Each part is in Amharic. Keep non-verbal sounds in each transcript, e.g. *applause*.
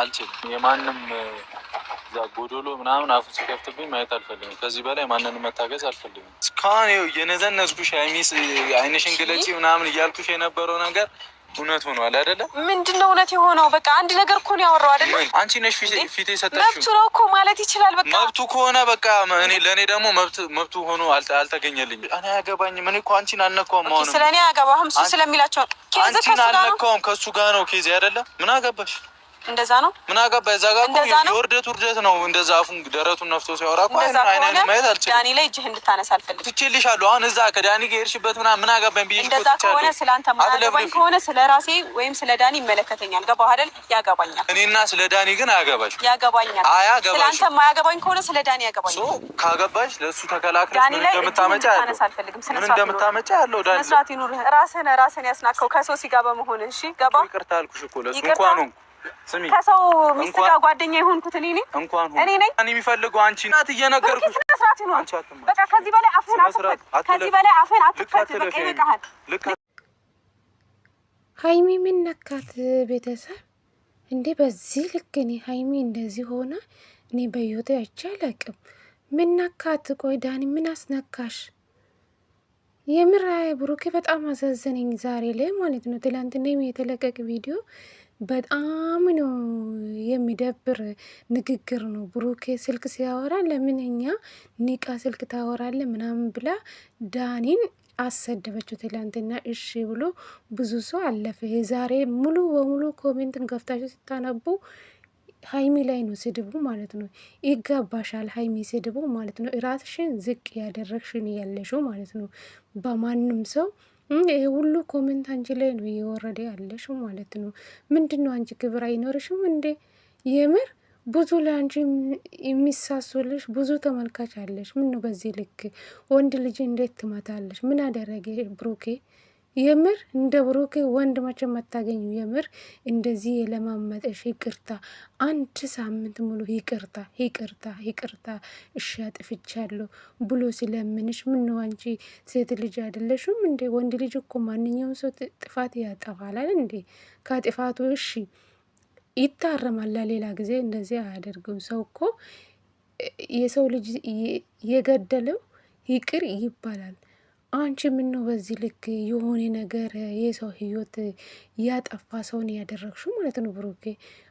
አልችልም። የማንም ጎዶሎ ምናምን አፉ ሲከፍትብኝ ማየት አልፈልግም። ከዚህ በላይ ማንንም መታገዝ አልፈልግም። እስካሁን ው የነዘነዝኩሽ አይሚስ አይንሽን ግለጪ ምናምን እያልኩሽ የነበረው ነገር እውነት ሆኗል አይደለ? ምንድን ነው እውነት የሆነው? በቃ አንድ ነገር እኮ ነው ያወራው አይደለ? አንቺ ነሽ ፊት ሰጠሽው። መብቱ ነው እኮ ማለት ይችላል። በቃ መብቱ ከሆነ በቃ እኔ ለእኔ ደግሞ መብቱ ሆኖ አልተገኘልኝ። እኔ አያገባኝም። እኔ እኮ አንቺን አልነካውም። ሆነ ስለ እኔ አያገባህም። እሱ ስለሚላቸው አንቺን አልነካውም። ከእሱ ጋር ነው ኬዝ አይደለ? ምን አገባሽ? እንደዛ ነው። ምን አጋ በዛ ጋር የውርደት ውርደት ነው። እንደዛ አፉን ደረቱን ነፍቶ ሲያወራ እኮ አይን ማየት አልችልም። ዳኒ ላይ እጅህ እንድታነሳ አልፈልግም። ትቼልሻለሁ። አሁን እዛ ከዳኒ ጋር የሄድሽበት ምናምን ምን አጋባኝ ብዬሽ እንደዛ ከሆነ ስለ አንተ ማለባኝ ከሆነ ስለ ራሴ ወይም ስለ ዳኒ ይመለከተኛል። ገባህ አይደል? ያገባኛል። እኔና ስለ ዳኒ ግን አያገባሽ። ያገባኛል። አያገባሽ። ስለ አንተ ማያገባኝ ከሆነ ስለ ዳኒ ያገባኛል። ካገባሽ ለእሱ ተከላክለሽ ምን እንደምታመጪ ምን እንደምታመጪ ያለው ዳኒ ስርዓት ይኑርህ። ራስህን ራስህን ያስናከው ከሶሲ ጋር በመሆን እሺ። ገባህ? ይቅርታ አልኩሽ እኮ ለእሱ እንኳን ከሰው ሚስት ጋር ጓደኛ የሆንኩት እኔ ነኝ። እኔ ነኝ እኔ የሚፈልገው አንቺ ናት። እየነገርኩሽ ስነ ስርዓት ይኖር። በቃ ከዚህ በላይ አፍህን አትክፈት፣ ከዚህ በላይ አፍህን አትክፈት። በቃ ይበቃሃል። ሀይሚ ምን ነካት? ቤተሰብ እንዴ! በዚህ ልክ እኔ ሀይሚ እንደዚህ ሆና እኔ በዮቴ አይቼ አላቅም። ምን ነካት? ቆይ ዳኒ ምን አስነካሽ? የምር ብሩኬ በጣም አሳዘነኝ ዛሬ ላይ ማለት ነው። ትላንትና የተለቀቅ ቪዲዮ በጣም ነው የሚደብር ንግግር ነው። ብሩኬ ስልክ ሲያወራ ለምንኛ ኒቃ ስልክ ታወራለ ምናምን ብላ ዳኒን አሰደበችው። ትላንትና እሺ ብሎ ብዙ ሰው አለፈ። የዛሬ ሙሉ በሙሉ ኮሜንትን ገፍታችሁ ስታነቡ ሀይሚ ላይ ነው ስድቡ ማለት ነው። ይገባሻል ሀይሚ ስድቡ ማለት ነው። እራስሽን ዝቅ ያደረግሽን ያለሽው ማለት ነው። በማንም ሰው ይሄ ሁሉ ኮመንት አንቺ ላይ ነው እየወረደ ያለሽ ማለት ነው። ምንድን ነው አንቺ ክብር አይኖርሽም እንዴ? የምር ብዙ ለአንቺ የሚሳሱልሽ ብዙ ተመልካች አለሽ። ምን ነው በዚህ ልክ ወንድ ልጅ እንዴት ትመታለሽ? ምን አደረገ ብሩኬ? የምር እንደ ብሮኬ ወንድ መቼም አታገኙ። የምር እንደዚህ የለማመጠሽ ይቅርታ፣ አንድ ሳምንት ሙሉ ይቅርታ፣ ይቅርታ፣ ይቅርታ እሺ አጥፍቻለሁ ብሎ ስለምንሽ ምነው አንቺ ሴት ልጅ አይደለሽም እንዴ? ወንድ ልጅ እኮ ማንኛውም ሰው ጥፋት ያጠፋላል እንዴ? ከጥፋቱ እሺ ይታረማል፣ ሌላ ጊዜ እንደዚህ አያደርግም። ሰው እኮ የሰው ልጅ የገደለው ይቅር ይባላል። አንቺ ምን ነው በዚህ ልክ የሆነ ነገር የሰው ህይወት ያጠፋ ሰውን ያደረግሹ ማለት ነው? ብሩኬ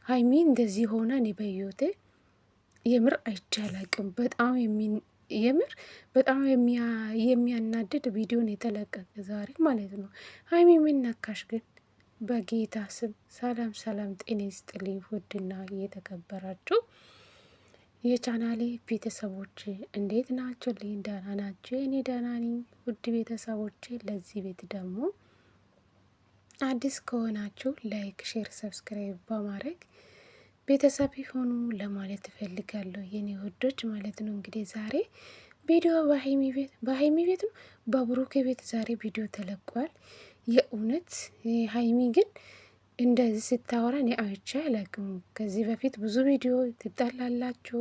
ሀይሚ እንደዚህ ሆና እኔ በህይወቴ የምር አይቻላቅም። በጣም የምር በጣም የሚያናድድ ቪዲዮን የተለቀቀ ዛሬ ማለት ነው። ሀይሚ ምን ነካሽ ግን? በጌታ ስም ሰላም ሰላም፣ ጤና ይስጥልኝ ውድና እየተከበራችሁ የቻናሌ ቤተሰቦች እንዴት ናቸው? ልኝ ደህና ናቸው። እኔ ደህና ነኝ። ውድ ቤተሰቦች ለዚህ ቤት ደግሞ አዲስ ከሆናችሁ ላይክ፣ ሼር፣ ሰብስክራይብ በማድረግ ቤተሰብ ሆኑ ለማለት እፈልጋለሁ የኔ ውዶች ማለት ነው። እንግዲህ ዛሬ ቪዲዮ በሀይሚ ቤት በሀይሚ ቤት ነው በብሩኬ ቤት ዛሬ ቪዲዮ ተለቋል። የእውነት ሀይሚ ግን እንደዚህ ስታወራ እኔ አይቼ አላውቅም። ከዚህ በፊት ብዙ ቪዲዮ ትጠላላችሁ፣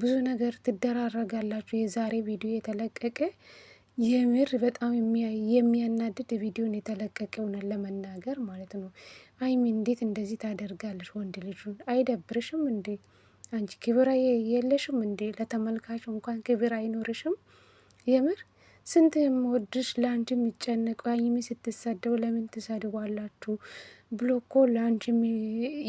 ብዙ ነገር ትደራረጋላችሁ። የዛሬ ቪዲዮ የተለቀቀ የምር በጣም የሚያናድድ ቪዲዮን የተለቀቀ ሆነን ለመናገር ማለት ነው። አይሚ እንዴት እንደዚህ ታደርጋለች? ወንድ ልጁን አይደብርሽም እንዴ? አንቺ ክብር የለሽም እንዴ? ለተመልካች እንኳን ክብር አይኖርሽም? የምር ስንት የምወድሽ ለአንቺ የሚጨነቀው አይሚ ስትሳደቡ ለምን ትሳድባላችሁ? ብሎ እኮ ለአንቺ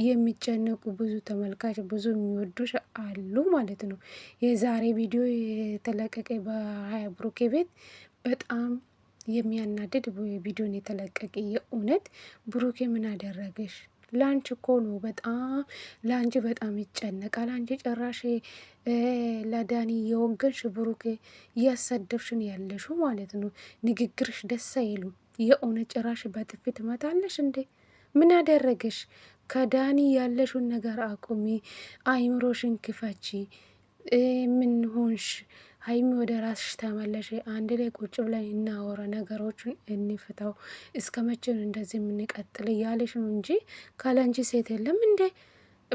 የሚጨነቁ ብዙ ተመልካች ብዙ የሚወዱሽ አሉ ማለት ነው። የዛሬ ቪዲዮ የተለቀቀ በሀያ በብሩኬ ቤት በጣም የሚያናድድ ቪዲዮን የተለቀቀ የእውነት ብሩኬ ምን አደረገሽ? ላንቺ እኮ ነው በጣም ላንቺ በጣም ይጨነቃል። አንቺ ጨራሽ ለዳኒ የወገንሽ ብሩኬ እያሰደብሽን ያለሹ ማለት ነው። ንግግርሽ ደስ አይሉ የእውነት ጭራሽ በጥፊት መታለሽ እንዴ? ምን አደረገሽ? ከዳኒ ያለሽውን ነገር አቁሚ፣ አይምሮሽን ክፈቺ። ምን ሆንሽ? ሀይሚ ወደ ራስሽ ተመለሽ። አንድ ላይ ቁጭ ብለን እናወራ፣ ነገሮችን እንፍታው። እስከ መቼ ነው እንደዚህ የምንቀጥል? እያለሽ ነው እንጂ ካላንቺ ሴት የለም እንዴ?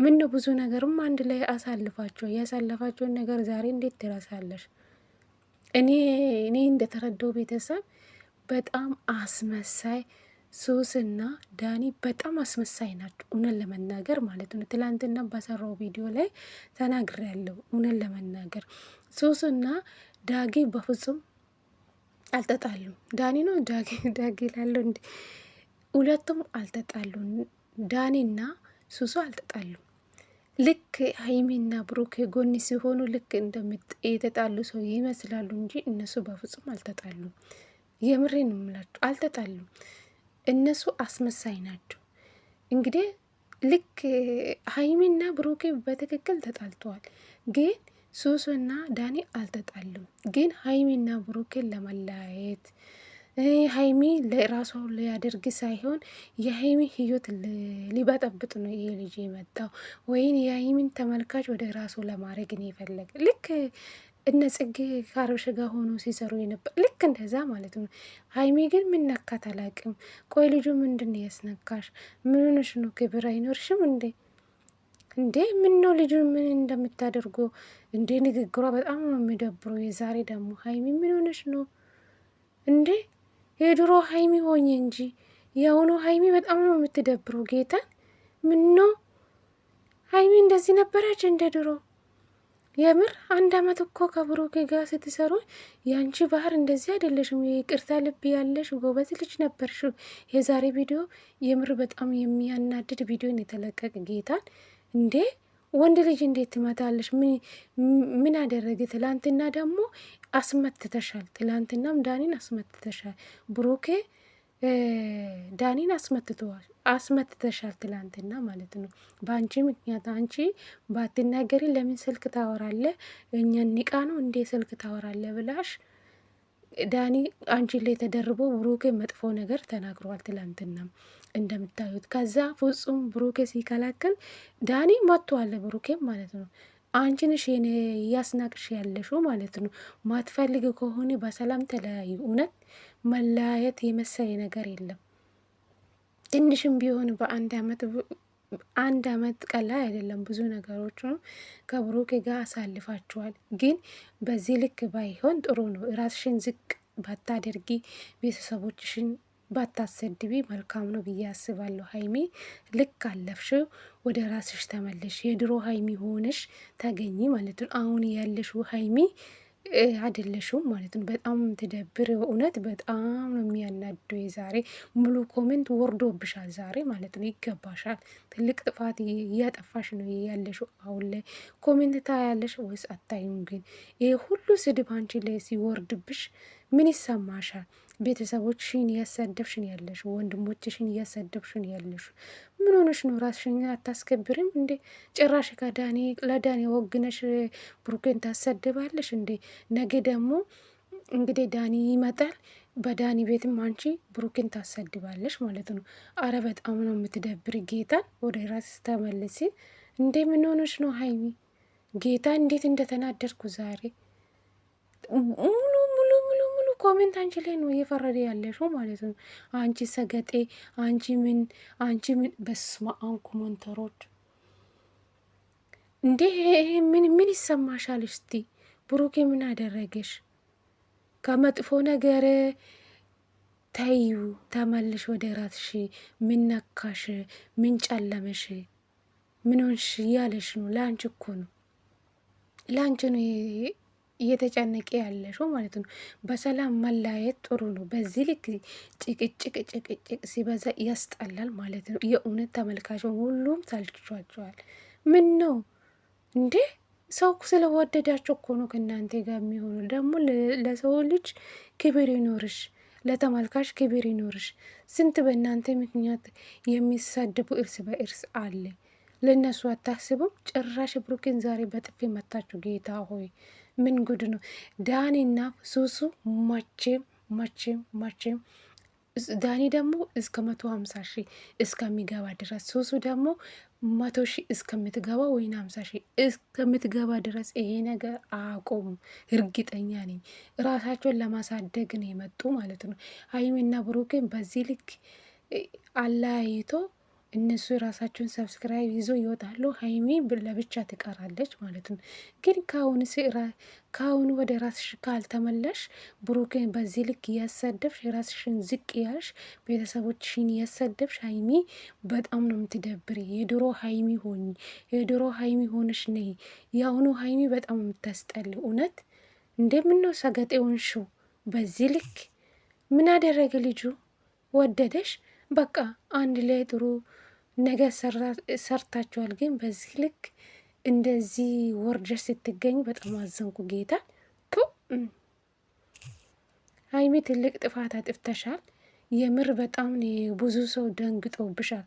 ምን ብዙ ነገርም አንድ ላይ አሳልፋቸው፣ ያሳለፋቸውን ነገር ዛሬ እንዴት ትረሳለሽ? እኔ እኔ እንደተረዳው ቤተሰብ በጣም አስመሳይ ሶስና ዳኒ በጣም አስመሳይ ናቸው፣ እውነን ለመናገር ማለት ነው። ትላንትና በሰራው ቪዲዮ ላይ ተናግር ያለው እውነን ለመናገር ሶስና ዳጊ በፍጹም አልተጣሉም። ዳኒ ነው ዳጊ *laughs* ዳጊ ላለው እንዲ ሁለቱም አልተጣሉም። ዳኒና ሱሱ አልተጣሉም። ልክ ሀይሚና ብሩክ ጎን ሲሆኑ ልክ የተጣሉ ሰው ይመስላሉ እንጂ እነሱ በፍጹም አልተጣሉም። የምሬን ምላቸው አልተጣሉም። እነሱ አስመሳይ ናቸው። እንግዲህ ልክ ሀይሚና ብሩኬ በትክክል ተጣልተዋል፣ ግን ሱሱና ዳኒ አልተጣሉም። ግን ሀይሚና ብሩኬን ለመለያየት ሀይሚ ለራሷ ሊያደርግ ሳይሆን የሀይሚ ህይወት ሊበጠብጥ ነው ይሄ ልጅ የመጣው ወይም የሀይሚን ተመልካች ወደ ራሱ ለማድረግ ነው የፈለገ ልክ እነ ጽጌ ከአብርሽ ጋር ሆኖ ሲሰሩ የነበር ልክ እንደዛ ማለት ነው። ሀይሜ ግን ምነካት አላቅም። ቆይ ልጁ ምንድን ያስነካሽ? ምንንሽ ነው? ክብር አይኖርሽም እንዴ? እንዴ ምን ነው ልጁ ምን እንደምታደርጎ እንዴ? ንግግሯ በጣም ነው የሚደብሮ። የዛሬ ደግሞ ሀይሚ ምን ሆነሽ ነው እንዴ? የድሮ ሀይሚ ሆኜ እንጂ የአሁኑ ሀይሚ በጣም ነው የምትደብሮ። ጌታ ምን ነው ሀይሚ እንደዚህ ነበረች እንደ ድሮ የምር አንድ አመት እኮ ከብሩክ ጋር ስትሰሩ ያንቺ ባህር እንደዚህ አይደለሽም። የቅርታ ልብ ያለሽ ጎበዝ ልጅ ነበርሽ። የዛሬ ቪዲዮ የምር በጣም የሚያናድድ ቪዲዮን የተለቀቅ ጌታን እንዴ ወንድ ልጅ እንዴት ትመታለሽ? ምን አደረገ? ትላንትና ደግሞ አስመትተሻል። ትላንትናም ዳኒን አስመትተሻል ብሩኬ ዳኒን አስመትተዋል አስመትተሻል ትላንትና ማለት ነው። በአንቺ ምክንያት አንቺ ባትናገሪ ለምን ስልክ ታወራለ? እኛ ኒቃ ነው እንዴ ስልክ ታወራለ? ብላሽ ዳኒ አንቺ ላይ ተደርቦ ብሩኬ መጥፎ ነገር ተናግሯል ትላንትና እንደምታዩት። ከዛ ፍጹም ብሩኬ ሲከላከል ዳኒ መጥቷል ብሩኬ ማለት ነው። አንቺንሽ የኔ እያስናቅሽ ያለሹ ማለት ነው። ማትፈልግ ከሆነ በሰላም ተለያዩ እውነት መለያየት የመሰለ ነገር የለም። ትንሽም ቢሆን በአንድ አመት አንድ አመት ቀላል አይደለም። ብዙ ነገሮች ከብሩክ ጋር አሳልፋችኋል። ግን በዚህ ልክ ባይሆን ጥሩ ነው። ራስሽን ዝቅ ባታደርጊ፣ ቤተሰቦችሽን ባታሰድቢ መልካም ነው ብዬ አስባለሁ። ሀይሚ ልክ አለፍሽ ወደ ራስሽ ተመለሽ። የድሮ ሀይሚ ሆነሽ ተገኝ ማለት ነው። አሁን ያለሽው ሀይሚ አይደለሽም ማለት ነው። በጣም ትደብር እውነት በጣም ነው የሚያናዱ። ዛሬ ሙሉ ኮሜንት ወርዶብሻል ዛሬ ማለት ነው። ይገባሻል። ትልቅ ጥፋት እያጠፋሽ ነው ያለሽው አሁን ላይ። ኮሜንት ታያለሽ ወይስ አታዩም? ግን ይሄ ሁሉ ስድብ አንቺ ላይ ሲወርድብሽ ምን ይሰማሻል? ቤተሰቦችሽን እያሳደብሽን ያለሽ፣ ወንድሞችሽን እያሳደብሽን ያለሽ። ምን ሆነሽ ነው? ራስሽን አታስከብርም እንዴ? ጭራሽ ከዳኔ ለዳኔ ወግነሽ ብሩኬን ታሳድባለሽ እንዴ? ነገ ደግሞ እንግዲህ ዳኒ ይመጣል። በዳኒ ቤትም አንቺ ብሩኬን ታሳድባለሽ ማለት ነው። አረ በጣም ነው የምትደብር። ጌታን ወደ ራስ ተመልሲ እንዴ ምን ሆነሽ ነው ሀይሚ? ጌታ እንዴት እንደተናደርኩ ዛሬ ኮሜንት አንቺ ላይ ነው እየፈረደ ያለሽው ማለት ነው። አንቺ ሰገጤ፣ አንቺ ምን፣ አንቺ ምን። በስመ አብ ኮመንተሮች እንዴ! ምን ምን ይሰማሻል? እስቲ ብሩኬ ምን አደረገሽ? ከመጥፎ ነገር ተዩ፣ ተመልሽ ወደ ራትሽ። ምን ነካሽ? ምን ጨለመሽ? ምን ሆንሽ? እያለሽ ነው። ለአንቺ እኮ ነው ለአንቺ ነው እየተጨነቀ ያለሽው ማለት ነው። በሰላም መለያየት ጥሩ ነው። በዚህ ልክ ጭቅጭቅ ጭቅጭቅ ሲበዛ ያስጠላል ማለት ነው። የእውነት ተመልካች ሁሉም ሰልችቷቸዋል። ምን ነው እንዴ? ሰው ስለወደዳቸው እኮ ነው ከእናንተ ጋር የሚሆኑ። ደግሞ ለሰው ልጅ ክብር ይኖርሽ፣ ለተመልካች ክብር ይኖርሽ። ስንት በእናንተ ምክንያት የሚሳደቡ እርስ በእርስ አለ። ለእነሱ አታስቡም። ጭራሽ ብሩኬን ዛሬ በጥፊ መታችሁ። ጌታ ሆይ ምን ጉድ ነው! ዳኒና ሱሱ መቼም መቼም መቼም ዳኒ ደግሞ እስከ መቶ ሀምሳ ሺህ እስከሚገባ ድረስ ሱሱ ደግሞ መቶ ሺህ እስከምትገባ ወይን ሀምሳ ሺህ እስከምትገባ ድረስ ይሄ ነገር አቆሙ። እርግጠኛ ነኝ ራሳቸውን ለማሳደግ ነው የመጡ ማለት ነው። ሀይሚና ብሩኬን በዚህ ልክ አለያይቶ እነሱ የራሳቸውን ሰብስክራይብ ይዘው ይወጣሉ። ሀይሚ ለብቻ ትቀራለች ማለት ነው። ግን ከአሁኑ ወደ ራስሽ ካልተመላሽ ብሩክን በዚህ ልክ እያሳደብሽ የራስሽን ዝቅ ያልሽ ቤተሰቦችሽን እያሳደብሽ ሀይሚ በጣም ነው የምትደብር የድሮ ሀይሚ ሆኝ የድሮ ሀይሚ ሆነሽ ነይ። የአሁኑ ሀይሚ በጣም የምታስጠል እውነት እንደምነው ሰገጤ በዚህ ልክ ምን አደረገ ልጁ? ወደደሽ? በቃ አንድ ላይ ጥሩ ነገ ሰርታችኋል፣ ግን በዚህ ልክ እንደዚህ ወርደሽ ስትገኝ በጣም አዘንኩ ጌታ። ሀይሚ ትልቅ ጥፋት አጥፍተሻል። የምር በጣም ብዙ ሰው ደንግጦብሻል።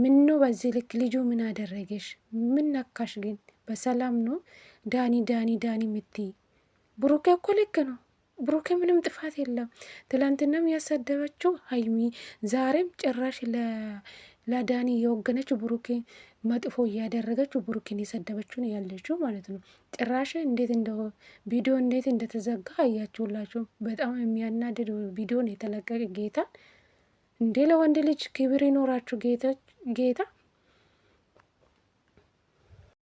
ምን ነው በዚህ ልክ ልጁ ምን አደረገሽ? ምን ነካሽ? ግን በሰላም ነው ዳኒ ዳኒ ዳኒ የምትይ? ብሩኬ እኮ ልክ ነው። ብሩኬ ምንም ጥፋት የለም። ትላንትናም ያሰደበችው ሀይሚ ዛሬም ጭራሽ ለዳኒ የወገነች ብሩኬን መጥፎ እያደረገች ብሩኬን የሰደበችውን ያለችው ማለት ነው። ጭራሽ እንዴት እንደ ቪዲዮ እንዴት እንደተዘጋ አያችሁላችሁ። በጣም የሚያናድድ ቪዲዮን የተለቀቀ ጌታ እንዴ! ለወንድ ልጅ ክብር ይኖራችሁ ጌታ